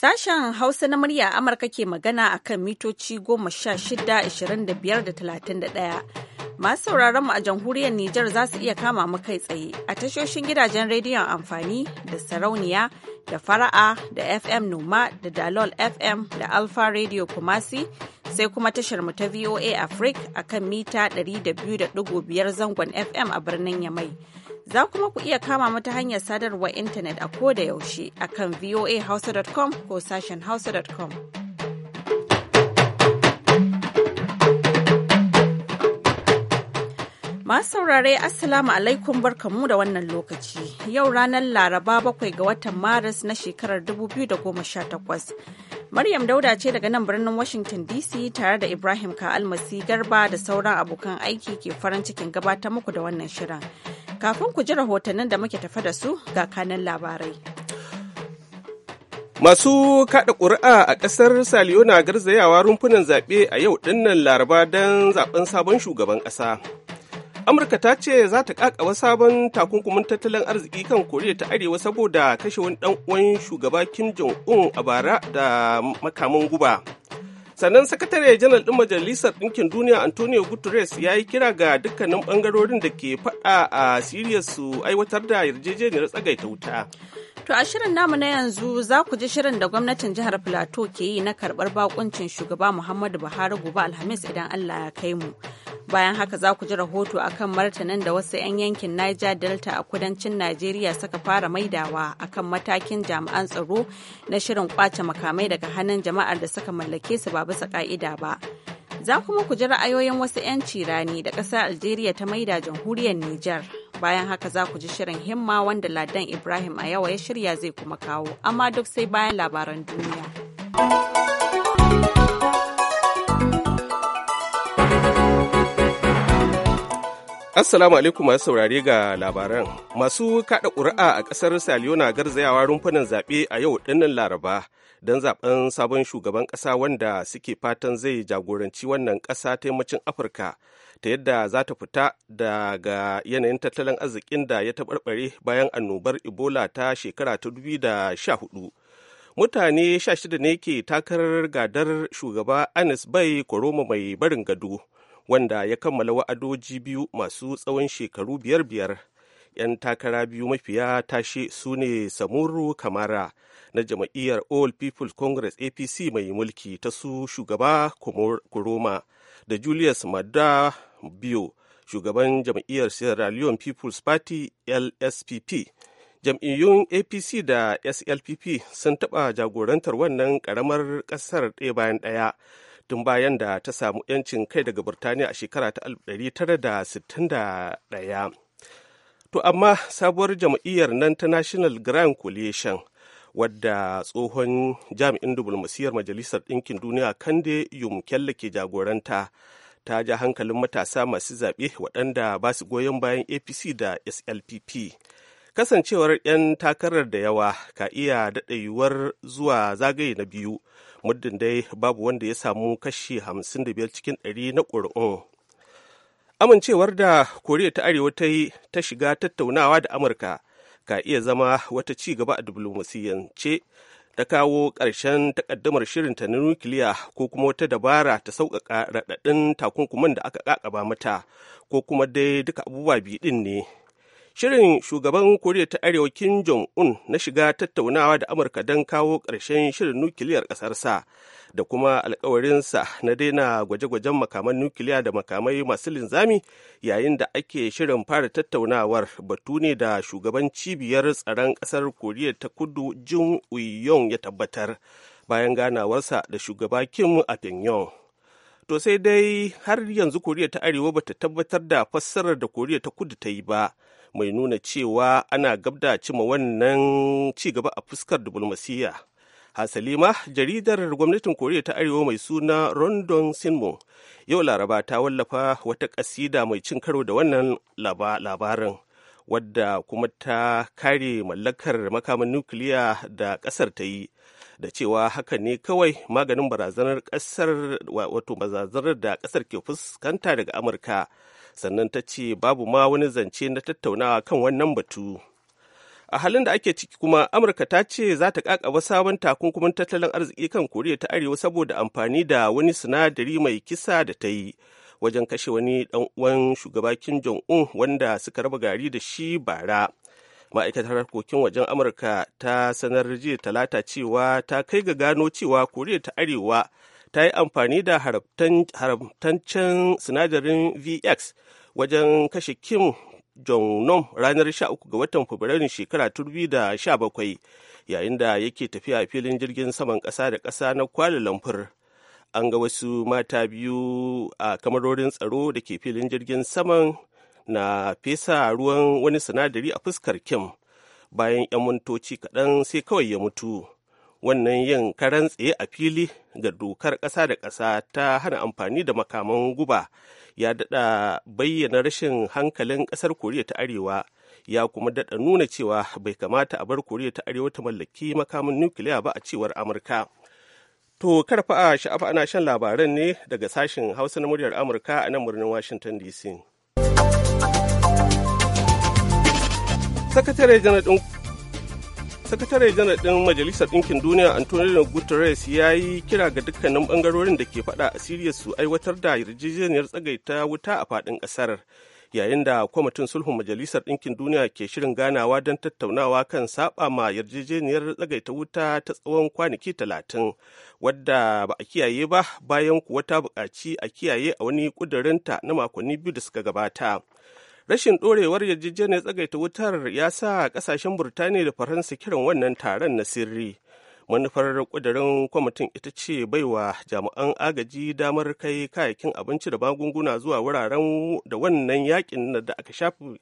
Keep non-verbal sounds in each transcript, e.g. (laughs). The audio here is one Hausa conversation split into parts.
Sashen Hausa na murya Amurka ke magana a kan mitoci goma sha shida, ashirin da biyar da talatin da ɗaya. Masu sauraron mu a jamhuriyar Nijar za su iya kama mu kai tsaye a tashoshin gidajen rediyon amfani da sarauniya da fara'a da FM Noma da Dalol FM da Alfa Radio Kumasi sai kuma tashar mu ta VOA Africa a kan mita 200.5 zangon FM a birnin Yamai. Za kuma ku iya kama mu ta hanyar sadarwar intanet a ko da yaushe akan VOA voahausa.com ko sashen hausa.com. Masu saurare Assalamu alaikum barkamu da wannan lokaci. Yau ranar Laraba bakwai ga watan Maris na shekarar 2018. Maryam Dauda ce daga nan birnin Washington DC tare da Ibrahim Ka'almasi Garba da sauran abokan aiki ke farin cikin gabatar muku da wannan shirin. Kafin ku ji rahotannin da muke tafa da su ga kanan labarai. Masu kaɗa ƙuri'a a ƙasar Saliyo na garzayawa rumfunan zaɓe a yau ɗinnan Laraba don zaɓen sabon shugaban ƙasa. amurka ta ce za ta kakawa sabon takunkumin tattalin arziki kan koriya ta arewa saboda kashe wani dan uwan shugaba kim jong un a bara da makaman guba sannan sakatare janar din majalisar ɗinkin duniya antonio guterres ya yi kira ga dukkanin bangarorin da ke faɗa a siriya su aiwatar da yarjejeniyar tsagaita wuta To a shirin namu na yanzu za ku ji shirin da gwamnatin jihar Filato ke yi na karɓar bakuncin shugaba Muhammadu Buhari gobe Alhamis idan Allah ya kai mu. Bayan haka za ku ji rahoto a kan martanin da wasu 'yan yankin Niger Delta a kudancin Najeriya suka fara maidawa akan matakin jami'an tsaro na shirin ƙwace makamai daga hannun jama'ar da suka mallake su ba bisa ka'ida ba. Za kuma ku ji ra'ayoyin wasu 'yan cirani da ƙasar Algeria ta maida jamhuriyar Nijar. Bayan haka za ku ji shirin himma wanda Ladan Ibrahim a yawa ya shirya zai kuma kawo, amma duk sai bayan labaran duniya. Assalamu alaikum masu saurare ga labaran. Masu kada ƙuri'a a ƙasar Saliyo na garzayawa rumfunan zaɓe a yau ɗinnan Laraba don zaɓen sabon shugaban ƙasa wanda suke fatan zai jagoranci wannan ƙasa ta yammacin Afirka ta yadda za ta fita daga yanayin tattalin arzikin da ya taɓarɓare bayan annobar Ebola ta shekara ta hudu. Mutane 16 ne ke takarar gadar shugaba Anis Bai Koroma mai barin gado. wanda ya kammala wa'adoji biyu masu tsawon shekaru biyar biyar 'yan takara biyu mafiya tashe su ne samuru kamara na jam'iyyar all people's congress apc mai mulki ta su shugaba kuroma da julius madda biyu shugaban jam'iyyar sierra leone people's party lspp jam'iyyun apc da slpp sun taɓa jagorantar wannan ƙaramar ƙasar ɗaya bayan ɗaya tun bayan da ta samu 'yancin kai daga Burtaniya a shekara ta 1961. To amma sabuwar jam'iyyar nan ta National Grand Coalition wadda tsohon jami'in dubulmasiyar Majalisar Ɗinkin Duniya Kande Yumkelle ke jagoranta ta ja hankalin matasa masu zaɓe waɗanda ba su goyon bayan APC da SLPP. Kasancewar 'yan takarar da yawa ka iya daɗa yiwuwar zuwa zagaye na biyu. muddin dai babu wanda ya samu kashi 55 cikin 100 na ƙuri'un amincewar da koriya ta arewa ta yi ta shiga tattaunawa da amurka ka iya zama wata ci gaba a diflomasiyyance ta kawo ƙarshen takaddamar ta na nukiliya ko kuma wata dabara ta sauƙaƙa raɗaɗin takunkuman da aka ƙaƙaba mata ko kuma dai duka abubuwa biyu ɗin ne Shirin shugaban Koriya ta Arewa Kim Jong-un na shiga tattaunawa da Amurka don kawo ƙarshen shirin nukiliyar ƙasarsa da kuma alkawarinsa na daina gwaje-gwajen makaman nukiliya da makamai masu linzami yayin da ake shirin fara tattaunawar batu ne da shugaban cibiyar tsaron ƙasar Koriya ta Kudu Jin Uyong ya tabbatar bayan ganawarsa da shugaba Kim a Pyongyang. To sai dai har yanzu Koriya ta Arewa bata tabbatar da fassarar da Koriya ta Kudu ta yi ba. mai nuna cewa ana gabda cima wannan ci gaba a fuskar diplomasiyya Hasalima jaridar gwamnatin Koriya ta Arewa mai suna Rondon Sinmo yau Laraba ta wallafa wata ƙasida mai cin karo da wannan labarin wadda kuma ta kare mallakar makamin nukiliya da ƙasar ta yi da cewa haka ne kawai maganin barazanar ƙasar wato barazanar da ƙasar ke fuskanta daga Amurka sannan ta ce babu ma wani zance na tattaunawa kan wannan batu a halin da ake ciki kuma amurka ta ce za ta kakaba sabon takunkumin tattalin arziki kan koriya ta arewa saboda amfani da wani sinadari mai kisa da ta yi wajen kashe wani dan uwan shugaba Kim Jong-un wanda suka raba gari da shi bara. Ma'aikatar harkokin wajen Amurka ta sanar jiya talata cewa ta kai ga gano cewa Koriya ta Arewa ta yi amfani da haramtancen sinadarin vx wajen kashe kim jong-nom ranar 13 ga watan fabrairun shekara 2017 yayin da yake tafiya a filin jirgin saman ƙasa da ƙasa na kwali lamfur an ga wasu mata biyu a kamarorin tsaro da ke filin jirgin saman na fesa ruwan wani sinadari a fuskar kim bayan 'yan mintoci kaɗan sai kawai ya mutu wannan yin karan tsaye a fili ga dokar ƙasa da ƙasa ta hana amfani da makaman guba ya daɗa bayyana rashin hankalin ƙasar koriya ta arewa ya kuma daɗa nuna cewa bai kamata a bar koriya ta arewa ta mallaki makaman nukiliya ba a cewar amurka to karfa a sha'afa ana shan labaran ne daga sashen hausa na muryar amurka a nan birnin washington dc sakatare janar ɗin sakatare janar ɗin majalisar ɗinkin duniya antonio guterres ya yi kira ga dukkanin ɓangarorin da ke faɗa a siriya su aiwatar da yarjejeniyar tsagaita wuta a faɗin ƙasar yayin da kwamitin sulhun majalisar ɗinkin duniya ke shirin ganawa don tattaunawa kan saba ma yarjejeniyar tsagaita wuta ta tsawon kwanaki talatin wadda ba a kiyaye ba bayan kuwa ta buƙaci a kiyaye a wani ƙudurinta na makonni biyu da suka gabata rashin ɗorewar yarjejeniyar tsagaita wutar ya sa ƙasashen burtaniya da faransa kiran wannan taron na sirri manufar ƙudurin kwamitin ita ce baiwa jami'an agaji damar kai kayakin abinci da magunguna zuwa wuraren da wannan yakin da aka shafi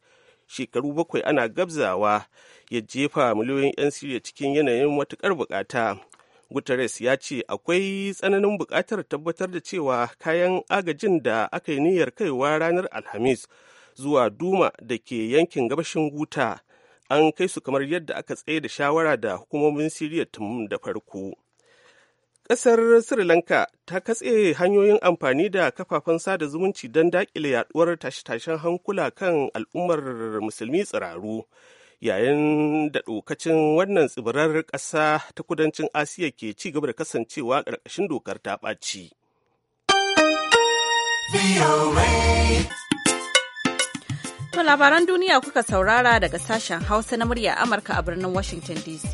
shekaru bakwai ana gabzawa ya jefa miliyoyin 'yan siriya cikin yanayin matukar bukata guterres ya ce akwai tsananin bukatar tabbatar da cewa kayan agajin da aka yi niyyar kaiwa ranar alhamis zuwa duma da ke yankin gabashin guta an kai su kamar yadda aka tsaye da shawara da hukumomin siriya tun da farko ƙasar sri lanka ta katse hanyoyin amfani da kafafen sada zumunci don daƙile yaduwar tashe-tashen hankula kan al'ummar musulmi tsiraru yayin da ɗokacin wannan tsibirar ƙasa ta kudancin asiya ke ci gaba da kasancewa ƙarƙashin dokar ta ɓaci. To labaran duniya kuka saurara daga sashen Hausa na murya Amurka a birnin Washington DC.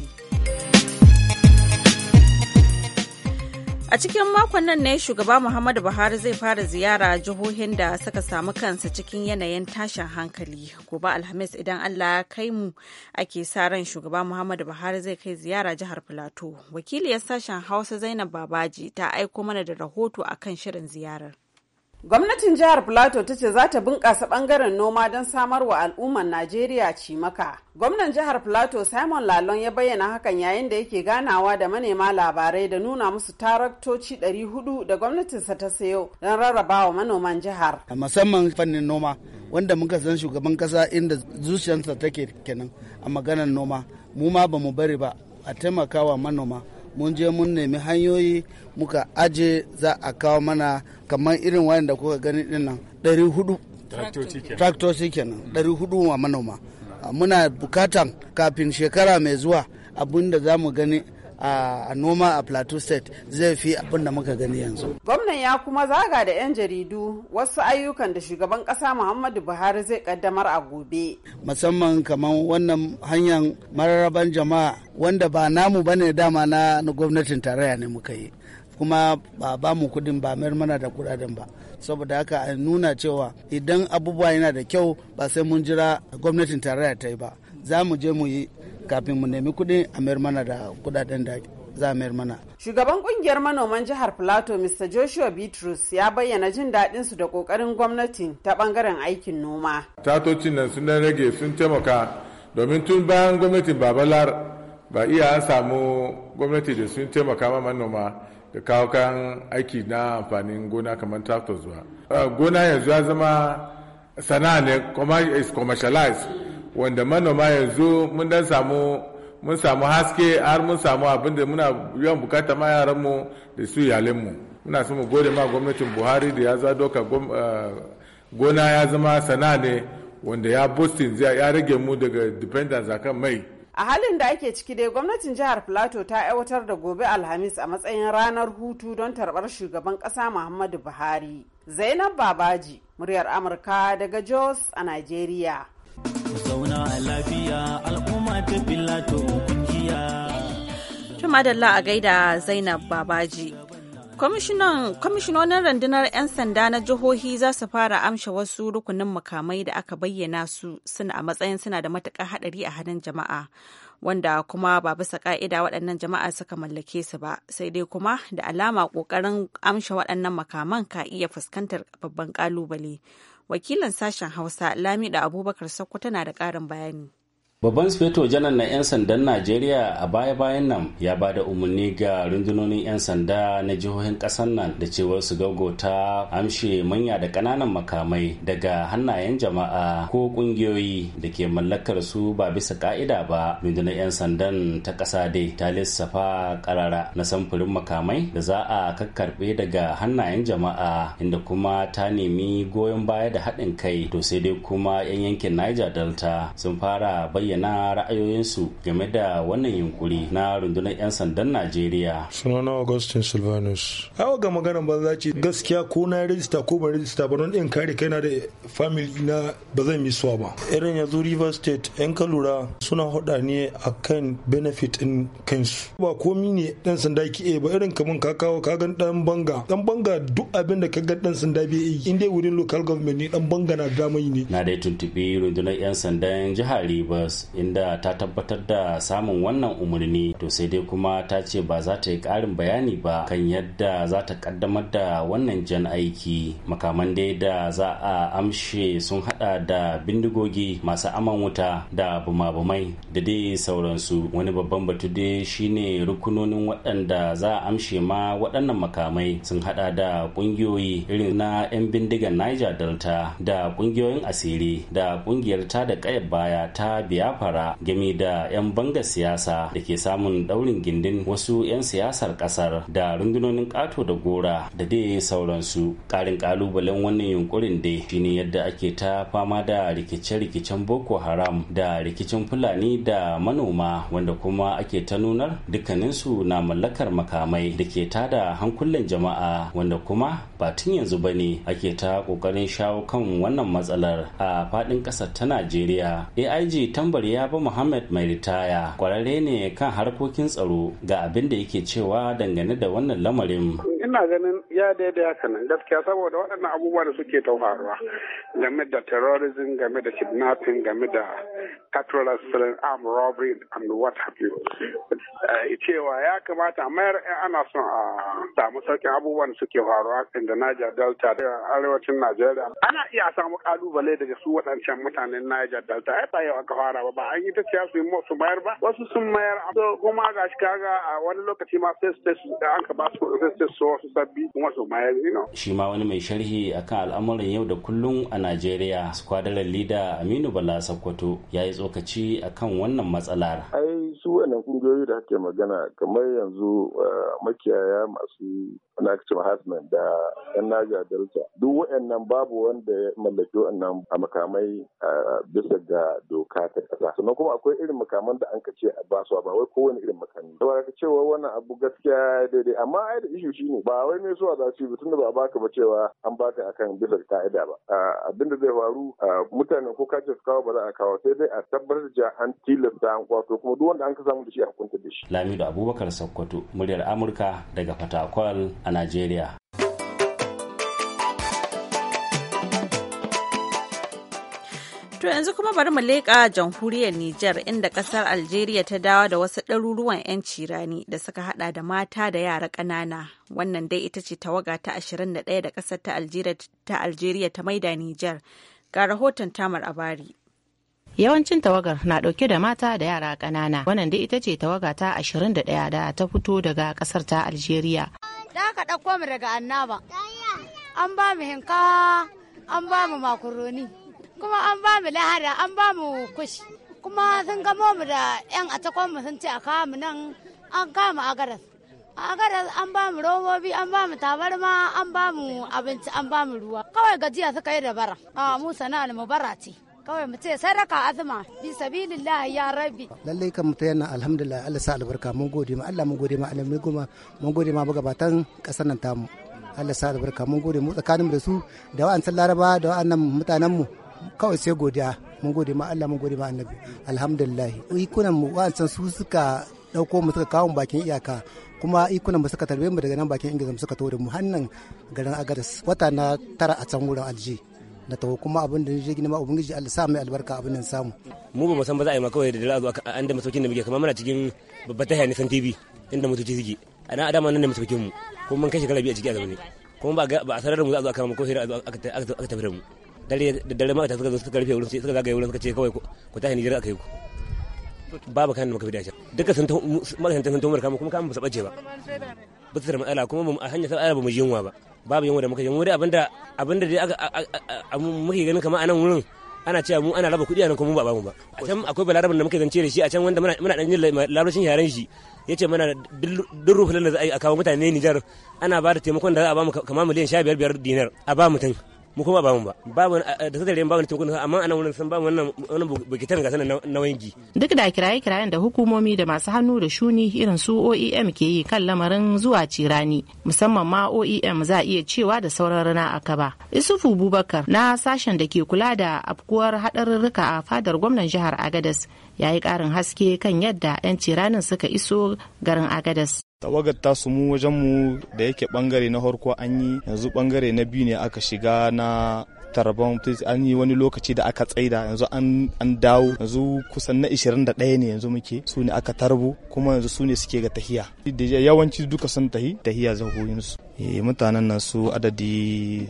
A cikin makon nan ne shugaba Muhammadu Buhari zai fara ziyara jihohin da suka samu kansa cikin yanayin tashin hankali. Gobe Alhamis idan Allah ya kai mu ake sa ran shugaba Muhammadu Buhari zai kai ziyara jihar Filato. Wakiliyar sashen Hausa Zainab Babaji ta aiko mana da rahoto akan shirin ziyarar. Gwamnatin jihar Plateau ta ce za ta bunƙasa ɓangaren noma don samar wa al'ummar Najeriya cimaka. Gwamnan jihar Plateau Simon Lalon ya bayyana hakan yayin da yake ganawa da manema labarai da nuna musu taraktoci 400 da gwamnatinsa ta sayo don rarrabawa manoman jihar. a Musamman fannin noma wanda muka san shugaban kasa inda zuciyarsa take kenan a maganar noma mu ma ba mu bari ba a taimakawa manoma mun je mun nemi hanyoyi muka aje za a kawo mana kamar irin wayan da kuka gani din nan ɗari hudu traktoci kenan ɗari hudu wa manoma muna bukatan kafin shekara mai zuwa abin da za mu gani a noma a plateau state zai fi abin da muka gani yanzu gwamnan ya kuma zaga da 'yan jaridu wasu ayyukan da shugaban kasa muhammadu buhari zai kaddamar a gobe musamman kamar wannan hanyar mararraban jama'a wanda ba namu ba ne dama na gwamnatin tarayya ne muka yi kuma ba ba mu kudin ba mayar mana da kudaden ba saboda haka a nuna cewa idan abubuwa yana da kyau ba sai mun jira gwamnatin tarayya ta yi ba za mu je mu yi kafin mu nemi kuɗin a mayar mana da kuɗaɗen da za a mayar mana. Shugaban kungiyar manoman jihar Plateau Mr. Joshua Bitrus ya bayyana jin daɗin su da ƙoƙarin gwamnati ta ɓangaren aikin noma. Tatocin nan sun rage sun taimaka domin tun bayan gwamnatin Babalar ba iya an samu gwamnati da sun taimaka ma manoma da kawo kayan aiki na amfanin gona kamar tractors ba. Gona yanzu ya zama sana'a ne is commercialized wanda manoma yanzu mun dan samu mun samu haske har mun samu abin da muna yawan bukata ma yaranmu da su mu muna so mu gode ma gwamnatin buhari da ya za doka eh, gona ya zama sana'a ne wanda ya boston ya rage mu daga dependence akan mai a halin da ake ciki dai gwamnatin jihar plateau ta aiwatar da gobe alhamis a matsayin ranar hutu don tarbar shugaban kasa muhammadu buhari zainab babaji muryar amurka daga jos a nigeria na lafiya al'umma ta kungiya. a gaida Zainab Babaji. Kwamishinonin rundunar 'yan sanda na jihohi za su fara amsha wasu rukunin makamai da aka bayyana su suna a matsayin suna da matuƙar haɗari a hannun jama'a. wanda kuma ba bisa ƙa'ida waɗannan jama'a suka mallake su ba sai dai kuma da alama ƙoƙarin amsha waɗannan makaman ka iya fuskantar babban ƙalubale Wakilan sashen Hausa Lamida Abubakar Sokoto na da ƙarin bayani. babban sufeto janar na 'yan sandan najeriya a baya-bayan nan ya ba da umarni ga rundunonin 'yan sanda na jihohin ƙasar nan da cewar su gaugota amshe manya da ƙananan makamai daga hannayen jama'a ko ƙungiyoyi da ke mallakar su ba bisa ƙa'ida ba rundunar 'yan sandan ta ƙasa dai ta lissafa ƙarara na samfurin makamai da za a kakkarɓe daga hannayen jama'a inda kuma ta nemi goyon baya da haɗin kai to sai dai kuma 'yan yankin niger delta sun fara bayyana bayyana ra'ayoyinsu game da wannan yunkuri na rundunar 'yan sandan Najeriya. Sunana Augustin Silvanus. Awa ga maganar za ce gaskiya ko na rijista ko ban rijista ba don in kare kaina da family na ba zan yi suwa ba. Irin yanzu River State 'yan kalura suna hada ne a kan benefit in kansu. Ba komi ne dan sanda ki ba irin kamun ka kawo ka gan dan banga. Dan banga duk abin da ka ga dan sanda bai yi in dai wurin local government ne dan banga na damai ne. Na dai tuntubi rundunar 'yan sandan jihar Rivers Texas inda ta tabbatar da samun wannan umarni to sai dai kuma ta ce ba za ta yi ƙarin bayani ba kan yadda za ta kaddamar da wannan jan aiki makaman dai da za a amshe sun hada da bindigogi masu aman wuta da bumabumai da dai sauransu wani babban batu dai shine rukunonin waɗanda za a amshe ma waɗannan makamai sun hada da ƙungiyoyi irin na 'yan bindigan niger delta da ƙungiyoyin asiri da ƙungiyar ta da ƙayar baya ta biya Ya fara game da 'yan banga siyasa da ke samun daurin gindin wasu 'yan siyasar kasar da rundunonin kato da gora da dai sauransu karin kalubalen wannan yunkurin dai shine yadda ake ta fama da rikice-rikicen boko haram da rikicin fulani da manoma wanda kuma ake ta nunar dukkaninsu na mallakar makamai da ke tada hankulan jama'a wanda kuma ba tun yanzu ba ne ake ta kokarin shawo kan wannan matsalar a fadin kasar ta najeriya aig tambar ya ba muhammad mai ritaya kwararre ne kan harkokin tsaro ga abin da yake cewa dangane da wannan lamarin ina ganin ya daidai haka nan gaskiya saboda waɗannan abubuwa da suke ta faruwa game da terrorism game da kidnapping game da cultural stealing arm robbery and what have you eh, cewa ya kamata a mayar ana son a samu sauƙin abubuwan da suke faruwa da Niger Delta da arewacin Najeriya ana iya samu kalubale daga su waɗancan mutanen Niger Delta ai ba yau aka fara ba ba an yi ta ciya su su mayar ba wasu sun mayar kuma shi kaga a wani lokaci ma sai su an ka ba su sai su wasu sabbi kuma su ma yanzu Shi ma wani mai sharhi akan al'amuran yau da kullum a Najeriya, kwadarar lida Aminu Bala Sokoto ya yi tsokaci akan wannan matsalar. Ai su wannan kungiyoyi da ake magana kamar yanzu eh, makiyaya masu ana cewa Hasman da yan Naja Delta duk waɗannan babu wanda ya mallaki waɗannan a makamai bisa ga doka ta ƙasa. Sannan kuma akwai irin makaman da an ka ce a basu ba wai kowane irin makami. Saboda ka cewa wannan abu gaskiya daidai amma ai da ishu shine ba wai mai zuwa za su tun da ba baka ba cewa an baka akan bisa ka'ida ba abin da zai faru mutane ko kace su kawo ba za a kawo sai dai a tabbatar da an tilasta an kwato kuma duk wanda an ka samu da shi a hukunta da shi Lamido Abubakar Sokoto muryar Amurka daga Fatakwal a Najeriya To yanzu kuma bari mu leƙa jamhuriyar Nijar inda ƙasar Algeria ta dawo da wasu ɗaruruwan 'yanci rani da suka hada da mata da yara ƙanana. Wannan dai ita ce tawaga ta 21 da ƙasar ta Algeria ta maida Nijar. Ga rahoton Tamar Abari. Yawancin tawagar na ɗauke da mata da yara ƙanana. Wannan dai ita ce tawaga ta 21 da ta fito daga ƙasar ta Algeria. Da aka ɗauko mu daga Annaba. An ba mu hinkawa, an ba mu makaroni. kuma an ba mu lahara an ba mu kushi kuma sun gamo mu da 'yan atakon mu sun ce a kawo mu nan an kama agaras agaras an ba mu robobi an ba mu tabarma an ba mu abinci an ba mu ruwa kawai gajiya suka yi da bara a mu sana'ar mu bara ce kawai mu ce sadaka azuma bi sabilillah ya rabbi lallai kan mutum yana alhamdulillah Allah sa albarka mun gode ma Allah mun gode ma Allah mun gode ma mun gode ma batan kasar nan tamu Allah sa albarka mun gode mu tsakanin da su da wa'ancan Laraba da wa'annan mutanen mu kawai sai godiya mun gode ma Allah mun gode ma annabi alhamdulillah ikunan mu wa'ancan su suka dauko mu suka kawo bakin iyaka kuma ikunan mu suka tarbe mu daga nan bakin ingizam suka tawo da mu hannan garin agadas wata na tara a can wurin alji na tawo kuma abin da je gina ma ubangiji Allah sa mai albarka abin nan samu mu ba mu san ba za a yi ma kawai da dala an da masaukin da muke kamar muna cikin babbar tahiya nisan TV inda mutuci suke a nan adama nan ne masaukin mu kuma mun kai shekara biyu a ciki a zamani kuma ba a sanar da mu za a zo a kama ko sai da aka tafi da mu dare da dare ma'aikata suka zo suka rufe wurin suka zagaye wurin suka ce kawai ku tashi Nijar aka yi ku babu kan da muka fida shi duka sun ta ma'aikata sun tomar kama kuma kama ba su bace ba ba su da matsala kuma a hanyar sa'ala ba mu yunwa ba babu yunwa da muka yi mu dai abinda abinda dai aka muke ganin kamar a nan wurin ana cewa mu ana raba kuɗi a nan kuma ba ba mu ba a can akwai balarabin da muke zance da shi a can wanda muna muna dan jin larabcin yaren shi ya ce mana duk rufin da za a kawo mutane Nijar ana ba da taimakon da za a ba mu kamar miliyan biyar dinar a ba mutum mu kuma ba mu ba babu da sadare ba wani tukun amma ana wurin san ba wannan wannan bukitan ga sanan na wangi duk da kiraye kirayen da hukumomi da masu hannu da shuni irin su OEM ke yi kan lamarin zuwa cirani musamman ma OEM za a iya cewa da sauran rana aka ba Isufu Bubakar na sashen da ke kula da afkuwar hadarurruka a fadar gwamnan jihar Agadez ya yi ƙarin haske kan yadda 'yanci ciranin suka iso garin agadas tawagar tasu mu wajen mu da yake bangare na harko an yi yanzu bangare na biyu ne aka shiga na tarban an yi wani lokaci da aka tsaida yanzu an dawo yanzu kusan na 21 ne yanzu muke su ne aka tarbo kuma yanzu su ne suke ga tahiya yawanci duka sun tahi tahiya zahoyinsu eh, mutanen nan su adadi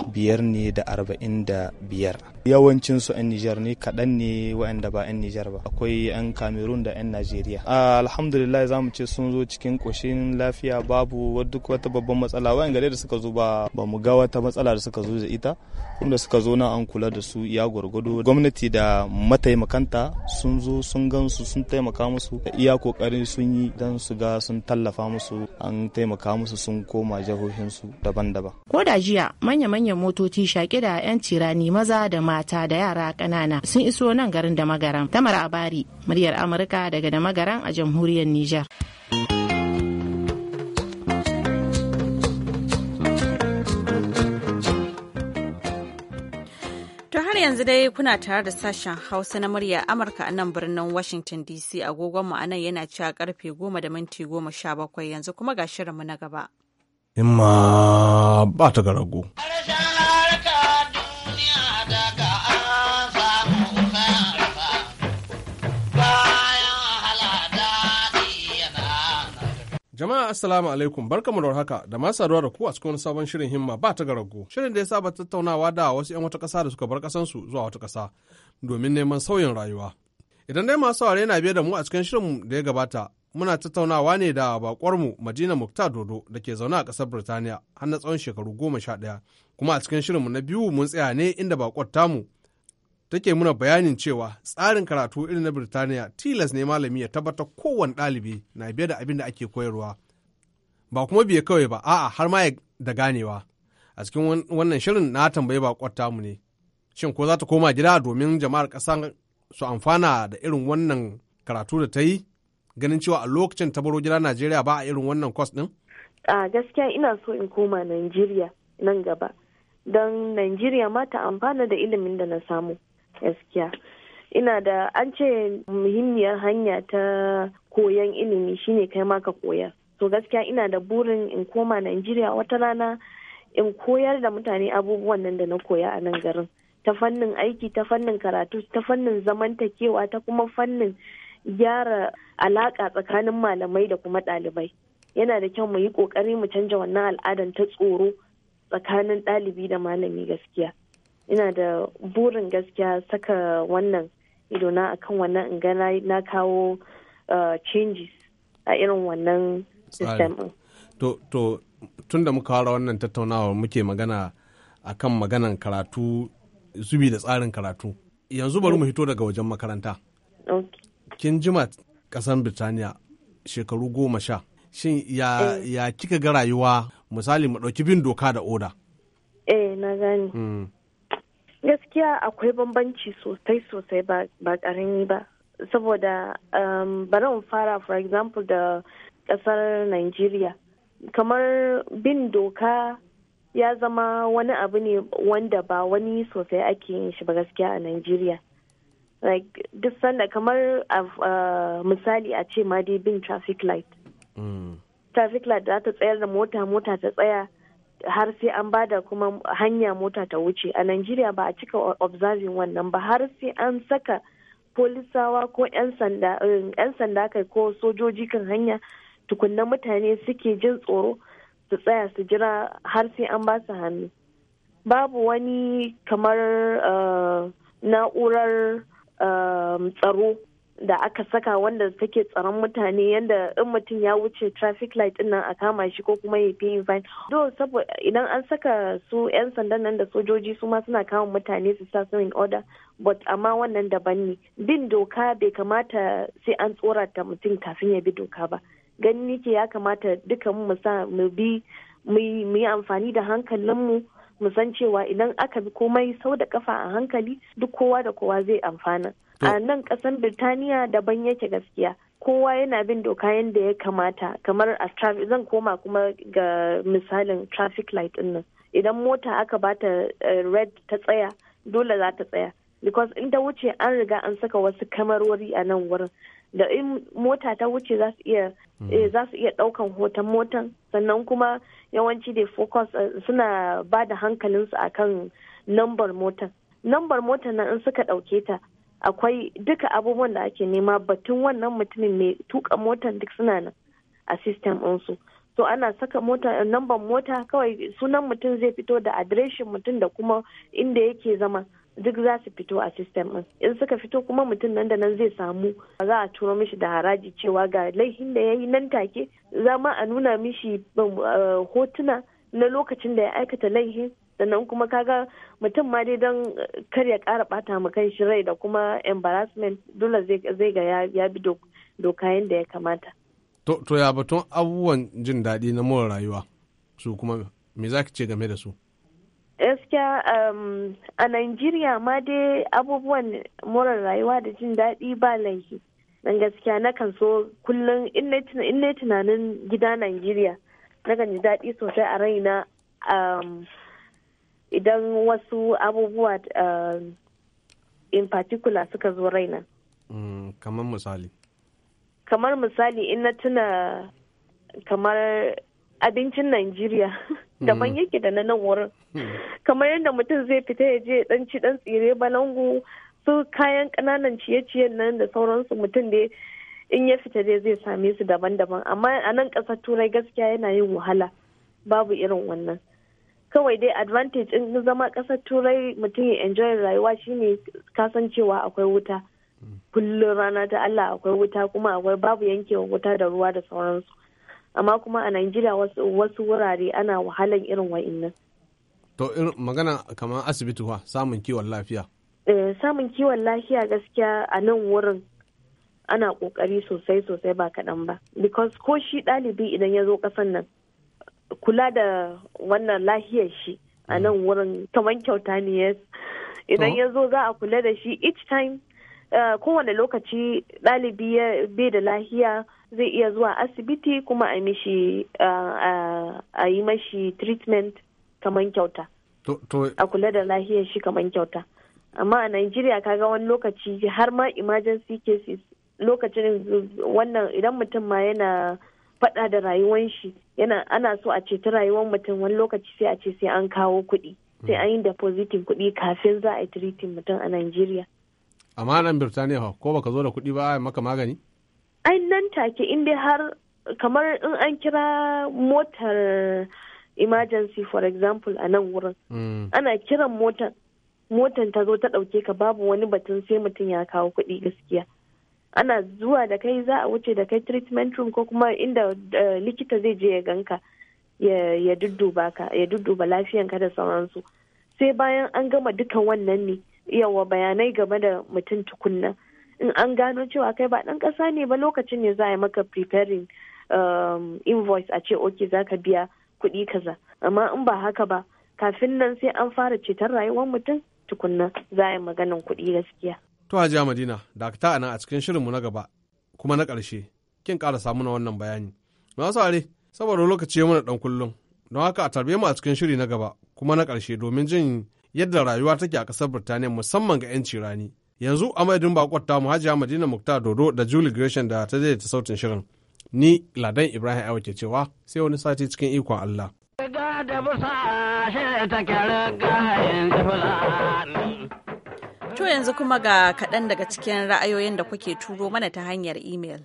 biyar ne da arba'in da biyar yawancin su 'yan Nijar ne kaɗan ne waɗanda ba 'yan Nijar ba akwai 'yan kamerun da 'yan Najeriya alhamdulillah za mu ce sun zo cikin ƙoshin lafiya babu duk wata babban matsala waɗanda da suka zo ba ba mu ga wata matsala da suka zo da ita da suka zo na an kula da su iya gwargwado gwamnati da mataimakanta sun zo sun gansu sun taimaka musu iya kokarin sun yi don su ga sun tallafa musu an taimaka musu sun koma jihohinsu daban-daban ko da jiya manya-manyan motoci shaƙe da 'yan tirani maza da mata da yara ƙanana sun iso nan garin da magaran tamar abari muryar amurka daga da magaran a jamhuriyar niger yanzu dai kuna tare da sashen hausa na murya amurka a nan birnin washington dc agogonmu a nan yana cewa karfe goma da minti goma sha bakwai yanzu kuma ga shirinmu na gaba ma ba ta ga rago Jama'a assalamu alaikum barkamu da warhaka da masu saduwa da ku a cikin sabon shirin himma ba ta garago. Shirin da ya saba tattaunawa da wasu 'yan wata ƙasa da suka bar ƙasansu zuwa wata ƙasa domin neman sauyin rayuwa. Idan dai masu saurare na biye da mu a cikin shirin da ya gabata muna tattaunawa ne da bakwarmu Madina Muktar Dodo da ke zaune a ƙasar Birtaniya har na tsawon shekaru goma sha ɗaya. Kuma a cikin shirin shirinmu na biyu mun tsaya ne inda bakwar tamu take muna bayanin cewa tsarin karatu irin na Birtaniya tilas ne malami ya tabbatar kowane ɗalibi na biye da abin da ake koyarwa. Ba kuma biye kawai ba, a'a har ma da ganewa. A cikin wannan shirin na tambayi kwata mu ne. Shin ko za ta koma gida domin jama'ar ƙasa su amfana da irin wannan karatu da ta yi? Ganin cewa a lokacin ta baro gida Najeriya ba a irin wannan kwas ɗin? A gaskiya ina so in koma Najeriya nan gaba. Don Najeriya ma ta amfana da ilimin da na samu. gaskiya ina da an ce muhimmiyar hanya ta koyon ilimi shine kai ma ka koyar to gaskiya ina da burin in koma Najeriya wata rana in koyar da mutane abubuwan nan da na koya a nan garin ta fannin aiki ta fannin karatu ta fannin zamantakewa ta kuma fannin gyara alaƙa tsakanin malamai da kuma ɗalibai yana da kyau mu yi ƙoƙari mu canja wannan al'adan ta tsoro tsakanin ɗalibi da malami gaskiya ina da burin gaskiya saka wannan idona akan wannan in na kawo uh, changes a irin wannan system to to tun muka fara wannan tattaunawa muke magana akan maganan karatu zubi da tsarin karatu yanzu bari mu hito daga wajen makaranta kin jima kasan birtaniya shekaru goma sha shin ya, eh. ya kika ga rayuwa misali mu ɗauki bin doka da oda eh na gani hmm. gaskiya akwai bambanci sosai sosai ba karami ba saboda um, bari in fara for example da kasar nigeria kamar bin doka ya zama wani abu ne wanda ba wani sosai ake yin shi ba gaskiya a nigeria like duk sanda kamar uh, misali a ce ma dai bin traffic light mm. traffic light za ta tsayar da mota mota ta tsaya har sai an bada kuma hanya mota ta wuce a Najeriya ba a cika observing wannan ba har sai an saka polisawa ko 'yan eh, sanda kai ko sojoji kan hanya tukunna mutane suke jin tsoro su tsaya su jira har sai an ba su hannu babu wani kamar eh, na'urar eh, tsaro da aka saka wanda take tsaron mutane yadda in mutum ya wuce traffic light din nan a kama shi ko kuma ya fi fine do saboda idan an saka su yan sandan nan da sojoji su ma suna kama mutane su sa su in order but amma wannan daban ne bin doka bai kamata sai an tsorata mutum kafin ya bi doka ba gani nike ya kamata duka mu sa mu bi mu yi amfani da hankalinmu mu san cewa idan aka bi komai sau da kafa a hankali duk kowa da kowa zai amfana a nan kasan birtaniya daban yake gaskiya kowa yana bin doka yadda ya kamata kamar a traffic zan koma kuma ga misalin traffic light din nan idan mota aka bata eh, red ta tsaya dole za ta tsaya because in ta wuce an riga an saka wasu kamarori a nan wurin da in mota ta wuce za su iya hmm. eh, za daukan hoton motan sannan kuma yawanci da focus eh, suna ba da hankalinsu akan lambar motan lambar motan nan in suka dauke ta akwai duka abubuwan da ake nema batun wannan mutumin mai tuka motar duk suna nan a system ɗinsu to ana saka mota lambar mota kawai sunan mutum zai fito da adireshin mutum da kuma inda yake zama duk za su fito a system ɗin in suka fito kuma mutum nan da nan zai samu za a turo mishi da haraji cewa ga laifin da ya yi nan take za ma a nuna mishi um, uh, hotuna na lokacin da ya aikata laifin sannan kuma kaga mutum ma dai don eh, kar ya kara bata ma kan shi rai da kuma embarrassment dole zai ga ya bi doka yadda ya kamata to ya batun abubuwan jin daɗi na more rayuwa su kuma me za ce game da su gaskiya um, a Najeriya ma dai abubuwan more rayuwa da jin daɗi ba laifi dan gaskiya na kan so kullum in na tunanin gida Najeriya na kan ji daɗi sosai a raina um, idan wasu abubuwa eh, in particular suka zo raina. Mm, kamar misali kamar misali in na tuna kamar abincin Najeriya (laughs) daban mm. yake da na nan wurin mm. kamar yadda mutum zai fita ya je dan ci dan tsire balangu su kayan kananan ciye-ciyen nan da sauransu mutum da in ya fita dai zai same su daban-daban amma a nan ƙasar turai gaskiya yana yin wahala babu irin wannan kawai dai advantage in zama kasar turai mutum ya enjoy rayuwa shine kasancewa akwai wuta kullum rana ta Allah akwai wuta kuma akwai babu yankewa wuta da ruwa da sauransu amma kuma a Najeriya wasu wurare ana wahalan irin wa'innan. To irin magana kamar asibiti wa samun kiwon lafiya. Eh, samun kiwon lafiya gaskiya a nan wurin ana kokari sosai sosai ba kadan ba because ko shi dalibi idan ya zo kasan nan kula da wannan lahiyar shi a nan mm. wurin kamar kyauta ne idan ya zo za a kula da shi each time eh, kowane lokaci ɗalibi bai da lahiya zai iya zuwa asibiti kuma a mishi eh, eh, a yi mashi treatment kamar kyauta a kula da lahiyar shi kamar kyauta amma a Najeriya kaga wani lokaci har ma emergency cases lokacin wannan idan mutum ma yana fada da rayuwan shi yana ana so a ce ta rayuwar mutum wani lokaci sai a ce sai an kawo kuɗi sai an yi depositin kuɗi kafin za a yi treating mutum a Najeriya. Amma nan Birtaniya ko baka zo da kuɗi ba a maka magani? Ai nan take in dai har kamar in an kira motar emergency for example a nan wurin. Hmm. Ana kiran motar motan ta zo ta ɗauke ka babu wani batun sai mutum ya kawo kuɗi gaskiya. ana zuwa da kai za a wuce da kai treatment room ko kuma inda eh, likita zai je ya ganka ya dudduba ya dudduba lafiyanka da sauransu sai bayan an gama duka wannan ne yawa bayanai game da mutum tukunna in an gano cewa kai ba dan kasa ne ba lokacin ne za a yi maka preparing um, invoice a ce ok za ka biya kuɗi kaza amma in ba haka ba kafin nan sai an fara ceton rayuwar mutum tukunna za a yi maganin kuɗi gaskiya To Hajiya Madina, dakata a nan a cikin shirinmu na gaba kuma na ƙarshe, kin ƙara samu na wannan bayani. wasu are, saboda lokaci ya mana ɗan kullum, don haka a tarbe mu a cikin shiri na gaba kuma na ƙarshe domin jin yadda rayuwa take a ƙasar Birtaniya musamman ga 'yanci rani. Yanzu a madadin bakwata mu Hajiya Madina Mukta Dodo da Julie Gresham da ta daidaita sautin shirin. Ni Ladan Ibrahim aiwa ke cewa sai wani sati cikin ikon Allah. Riga da busa shi take yanzu fulani. To yanzu kuma ga kaɗan daga cikin ra'ayoyin da kuke turo mana ta hanyar imel.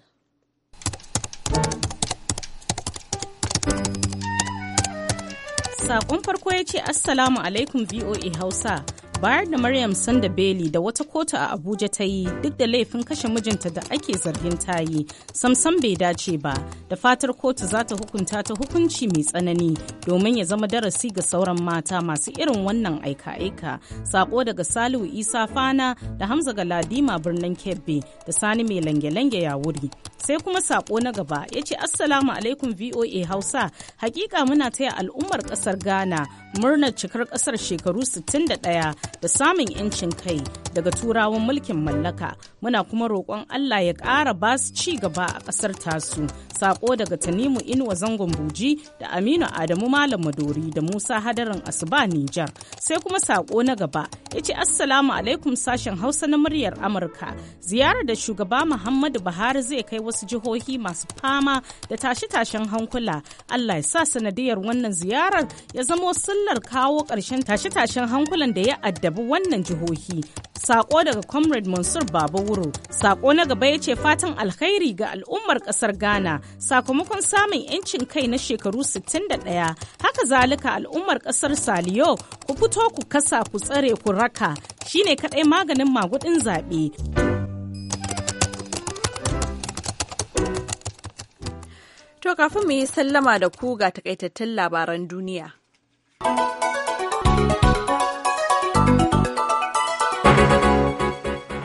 Sakon farko ya ce Assalamu alaikum VOA Hausa. bayar da Maryam Sanda Beli da wata kotu a Abuja ta yi duk da laifin kashe mijinta da ake zargin ta yi samsam bai dace ba da fatar kotu za ta hukunta ta hukunci mai tsanani domin ya zama darasi ga sauran mata masu irin wannan aika-aika sako daga Salihu Isa Fana da Hamza Galadima birnin Kebbi da Sani mai lange-lange ya wuri. sai kuma sako na gaba ya ce assalamu alaikum voa hausa hakika muna taya al'ummar kasar ghana murnar cikar kasar shekaru 61 da samun 'yancin kai daga turawan mulkin mallaka muna kuma roƙon allah ya ƙara ba su ci gaba a ƙasar tasu sako daga tanimu inuwa zangon buji da aminu adamu malam madori da musa hadarin asuba nijar sai kuma sako na gaba ya ce assalamu alaikum sashen hausa na muryar amurka ziyarar da shugaba muhammadu buhari zai kai wasu wasu jihohi masu fama da tashe-tashen hankula allah ya sa sanadiyar wannan ziyarar ya zamo sillar kawo ƙarshen tashe-tashen hankulan da ya addabi wannan jihohi sako daga comrade mansur baba wuro sako na gaba ya ce fatan alkhairi ga al'ummar ƙasar ghana sakamakon samun 'yancin kai na shekaru 61 haka zalika al'ummar ƙasar saliyo ku fito ku kasa ku tsare ku raka shine kaɗai maganin magudin zaɓe. To kafin mu yi sallama da ku ga takaitattun labaran duniya.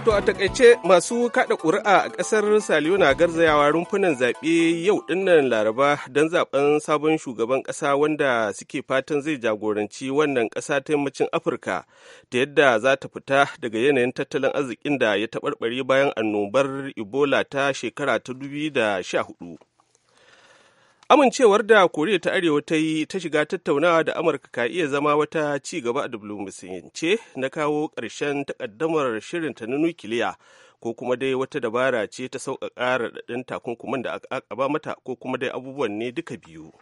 To a takaice masu kada ƙuri'a a ƙasar Saliyo na garzayawa rumfunan zaɓe yau dinnan Laraba don zaɓen sabon shugaban ƙasa wanda suke fatan zai jagoranci wannan ƙasa ta yammacin Afirka ta yadda za ta fita daga yanayin tattalin arzikin da ya taɓarɓare bayan annobar Ebola ta shekara ta 2014. amincewar da koriya ta arewa ta yi ta shiga tattaunawa da amurka ka iya zama wata ci gaba a diflomasiyance na kawo ƙarshen takaddamar shirinta na nukiliya ko kuma dai wata dabara ce ta sauƙaƙa raɗaɗin takunkuman da aka ba mata ko kuma dai abubuwan ne duka biyu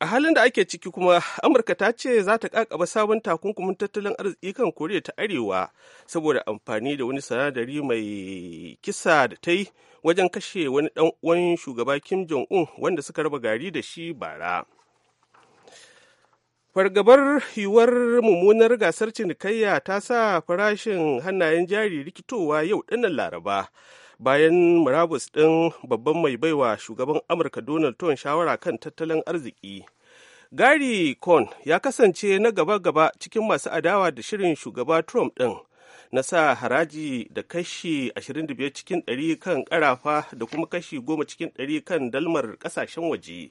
a halin da ake ciki kuma amurka ta ce za ta kakaba sabon takunkumin tattalin arziki kan koriya ta arewa saboda amfani da wani sanadari mai kisa da ta yi wajen kashe wani ɗan uwan shugaba kim jong-un wanda suka raba gari da shi bara fargabar yiwuwar mummunar gasar cinikayya ta sa farashin hannayen jari rikitowa yau ɗinnan laraba bayan murabus ɗin babban mai baiwa shugaban amurka donald trump shawara kan tattalin arziki gary cohn ya kasance na gaba-gaba cikin masu adawa da shirin shugaba trump ɗin na sa haraji da kashi 25 cikin 100 kan karafa da kuma kashi 10 cikin 100 kan dalmar kasashen waje.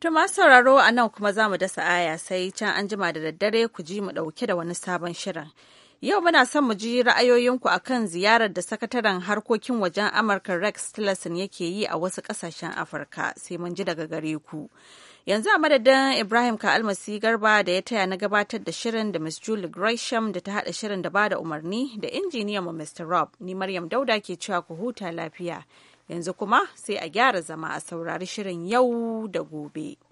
To masu sauraro a nan kuma za mu dasa aya sai can an jima da daddare ku ji mu ɗauke da wani sabon shirin. Yau muna son mu ji ra'ayoyinku a kan ziyarar da sakataren harkokin wajen Amurka Rex Tillerson yake yi a wasu ƙasashen Afirka sai mun ji daga gare ku. yanzu a madadin ibrahim ka almasi garba da ya taya na gabatar da shirin da miss julie gresham da ta hada shirin da ba da umarni da injiniyan mu mr rob ni maryam dauda ke cewa ku huta lafiya yanzu kuma sai a gyara zama a saurari shirin yau da gobe.